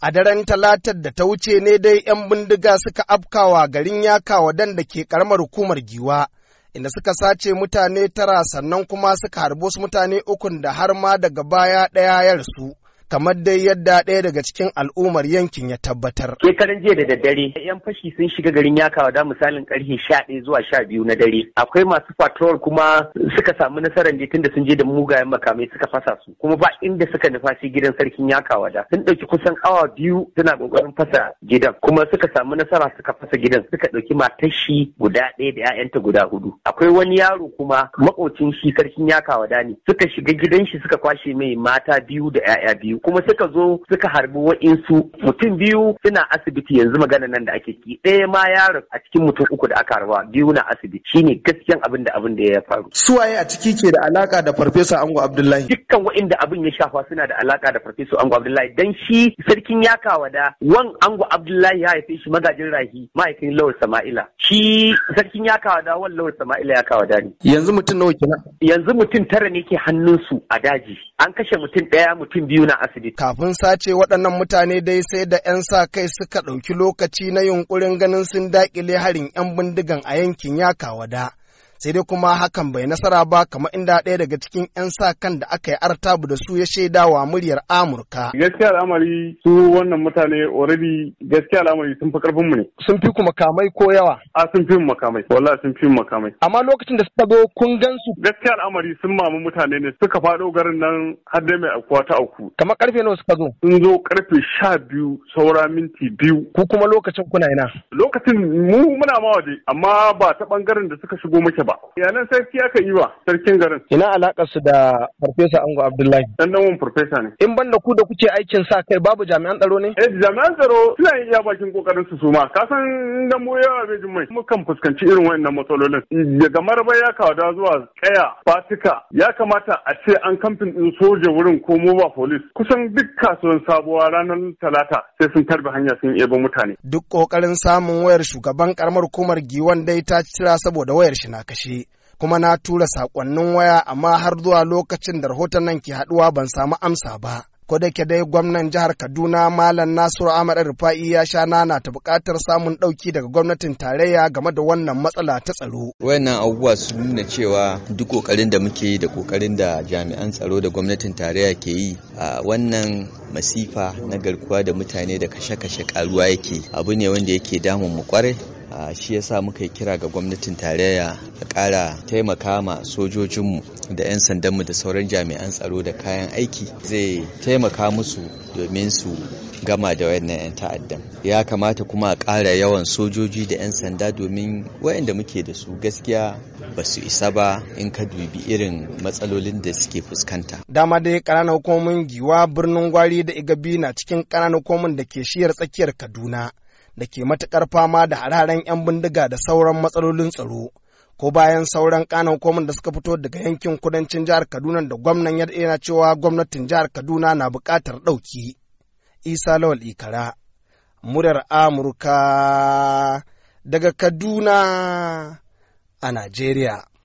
A daren talatar da ta wuce ne dai 'yan bindiga suka afkawa garin yaka dan da ke karamar hukumar giwa, inda suka sace mutane tara sannan kuma suka harbi wasu mutane ukun da har ma daga baya ɗaya yarsu rasu. kamar dai yadda ɗaya daga cikin al'ummar yankin ya tabbatar. Shekaran jiya da daddare, yan fashi sun shiga garin Yakawa da misalin karfe sha ɗaya zuwa sha biyu na dare. Akwai masu patrol kuma suka samu nasarar ne tunda sun je da mugayen makamai suka fasa su, kuma ba inda suka nufashi gidan sarkin Yakawa da. Sun ɗauki kusan awa biyu suna ƙoƙarin fasa gidan, kuma suka samu nasara suka fasa gidan, suka ɗauki matar shi guda ɗaya da 'ya'yanta guda hudu. Akwai wani yaro kuma makocin shi sarkin Yakawa da ne, suka shiga gidan shi suka kwashe mai mata biyu da 'ya'ya biyu. kuma suka zo suka harbi wa'insu mutum biyu suna asibiti yanzu magana nan da ake ki ɗaya ma yaron a cikin mutum uku da aka harba biyu na asibiti shine gaskiyan abin da abin da ya faru suwaye a ciki ke da alaka da farfesa ango abdullahi dukkan wa'inda abin ya shafa suna da alaka da farfesa ango abdullahi dan shi sarkin kawa da wan ango abdullahi ya haife shi magajin rahi ma'aikin lawar sama'ila shi sarkin kawa da wan lawar sama'ila kawa da ne yanzu mutum nawa kenan yanzu mutum tara ne ke hannunsu a daji an kashe mutum ɗaya mutum biyu na asibiti. Kafin sace waɗannan mutane dai sai da 'yan sa kai suka ɗauki lokaci na yunkurin ganin sun daƙile harin 'yan bindigan a yankin ya kawada. sai dai kuma hakan bai nasara ba kamar inda ɗaya daga cikin 'yan sa kan da aka yi artabu da su ya shaida wa muryar Amurka. Gaskiya al'amari su wannan mutane already gaskiya al'amari sun fi karfin mu ne. Sun fi ku makamai ko yawa? A sun fi mu makamai. Wallahi sun fi mu makamai. Amma lokacin da suka zo kun gan su. Gaskiya al'amari sun mamu mutane ne suka faɗo garin nan har dai mai aukuwa ta auku. Kamar karfe nawa suka zo? Sun zo karfe sha biyu saura minti biyu. Ku kuma lokacin kuna ina? Lokacin mu muna ma waje amma ba ta bangaren da suka shigo muke ba iyalan sarki aka yi wa sarkin garin ina alakar su da farfesa ango abdullahi dan dan farfesa ne in banda ku da kuke aikin sa kai babu jami'an tsaro ne eh jami'an tsaro suna yin iya bakin kokarin su suma ka san dan mu yawa bai jin mai mukan fuskanci irin wannan matsalolin daga maraba ya da zuwa kaya fatika ya kamata a ce an kamfin din soja wurin ko moba police kusan duk kasuwan sabuwa ranar talata sai sun tarbi hanya sun ebo mutane duk kokarin samun wayar shugaban karamar hukumar giwan dai ta cira saboda wayar shi na kashe shi kuma na tura saƙonnin waya amma har zuwa lokacin da rahoton nan ke haɗuwa ban samu amsa ba. Ko da ke dai gwamnan jihar Kaduna Malam Nasiru Ahmad Rufa'i ya sha nana ta buƙatar samun ɗauki daga gwamnatin tarayya game da wannan matsala ta tsaro. Wayannan abubuwa su nuna cewa duk ƙoƙarin da muke yi da ƙoƙarin da jami'an tsaro da gwamnatin tarayya ke yi a wannan masifa na garkuwa da mutane da kashe-kashe ƙaruwa yake abu ne wanda yake damun mu kwarai Ah, shi ya sa muka yi kira ga gwamnatin tarayya a ƙara taimaka ma sojojinmu da 'yan sandanmu da sauran jami'an tsaro da kayan aiki zai taimaka musu domin su gama da wayannan 'yan ta'addan ya kamata kuma a ƙara yawan sojoji da 'yan sanda domin wayanda muke da su gaskiya ba su isa ba in ka dubi irin matsalolin da suke fuskanta dama dai ƙananan hukumomin giwa birnin gwari da igabi na cikin ƙananan hukumomin da ke shiyar tsakiyar kaduna da ke matuƙar fama da hararen 'yan bindiga da sauran matsalolin tsaro. Ko bayan sauran kanan komin da suka fito daga yankin kudancin jihar Kaduna da gwamnan ya yana cewa gwamnatin jihar Kaduna na buƙatar ɗauki. Isa Lawal Ikara, murar Amurka daga Kaduna a Najeriya.